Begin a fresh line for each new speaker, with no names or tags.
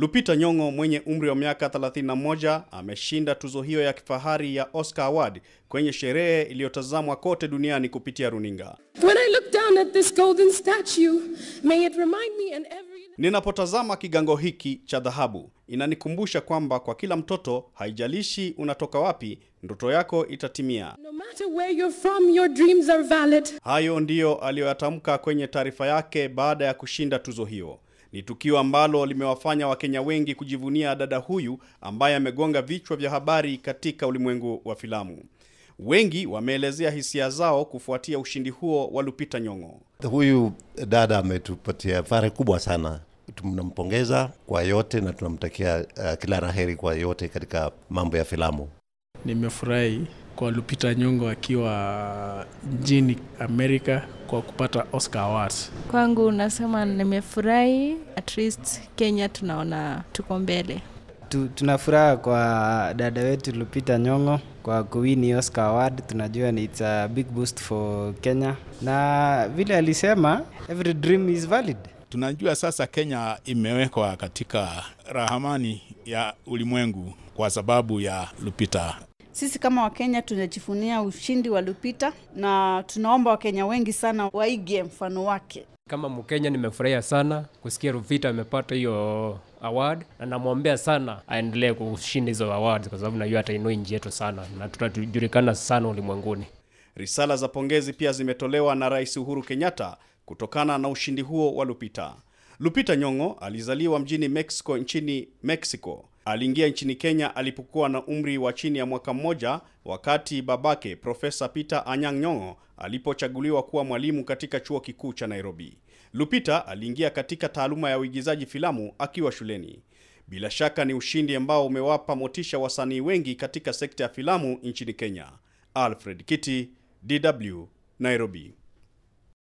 Lupita Nyong'o mwenye umri wa miaka 31 ameshinda tuzo hiyo ya kifahari ya Oscar Award kwenye sherehe iliyotazamwa kote duniani kupitia runinga. Ninapotazama kigango hiki cha dhahabu inanikumbusha kwamba kwa kila mtoto, haijalishi unatoka wapi, ndoto yako itatimia. No
matter where you're from, your
dreams are valid. Hayo ndiyo aliyoyatamka kwenye taarifa yake baada ya kushinda tuzo hiyo. Ni tukio ambalo limewafanya Wakenya wengi kujivunia dada huyu ambaye amegonga vichwa vya habari katika ulimwengu wa filamu. Wengi wameelezea hisia zao kufuatia ushindi huo wa Lupita Nyong'o.
Huyu dada ametupatia fahari kubwa sana. Tunampongeza kwa yote na tunamtakia uh, kila raheri kwa yote katika mambo ya filamu.
Nimefurahi kwa Lupita Nyong'o akiwa nchini Amerika kwa kupata Oscar Awards. Kwangu unasema nimefurahi, at least Kenya tunaona tuko mbele. Tu, tunafuraha kwa dada wetu Lupita Nyong'o kwa kuwini Oscar Award. Tunajua ni it's a big boost for Kenya, na vile alisema every dream is valid. Tunajua sasa Kenya imewekwa katika rahamani ya ulimwengu kwa sababu ya Lupita sisi kama Wakenya tunajifunia ushindi waliopita, na tunaomba Wakenya wengi sana waige mfano wake. Kama Mkenya nimefurahia sana kusikia Ruvita amepata hiyo award, na namwombea sana aendelee kushinda hizo awards, kwa sababu najua atainua nchi yetu sana na tutajulikana sana ulimwenguni.
Risala za pongezi pia zimetolewa na Rais Uhuru Kenyatta kutokana na ushindi huo wa Lupita. Lupita Nyong'o alizaliwa mjini Mexico nchini Mexico Aliingia nchini Kenya alipokuwa na umri wa chini ya mwaka mmoja wakati babake Profesa Peter Anyang' Nyong'o alipochaguliwa kuwa mwalimu katika chuo kikuu cha Nairobi. Lupita aliingia katika taaluma ya uigizaji filamu akiwa shuleni. Bila shaka ni ushindi ambao umewapa motisha wasanii wengi katika sekta ya filamu nchini Kenya. Alfred Kiti, DW, Nairobi.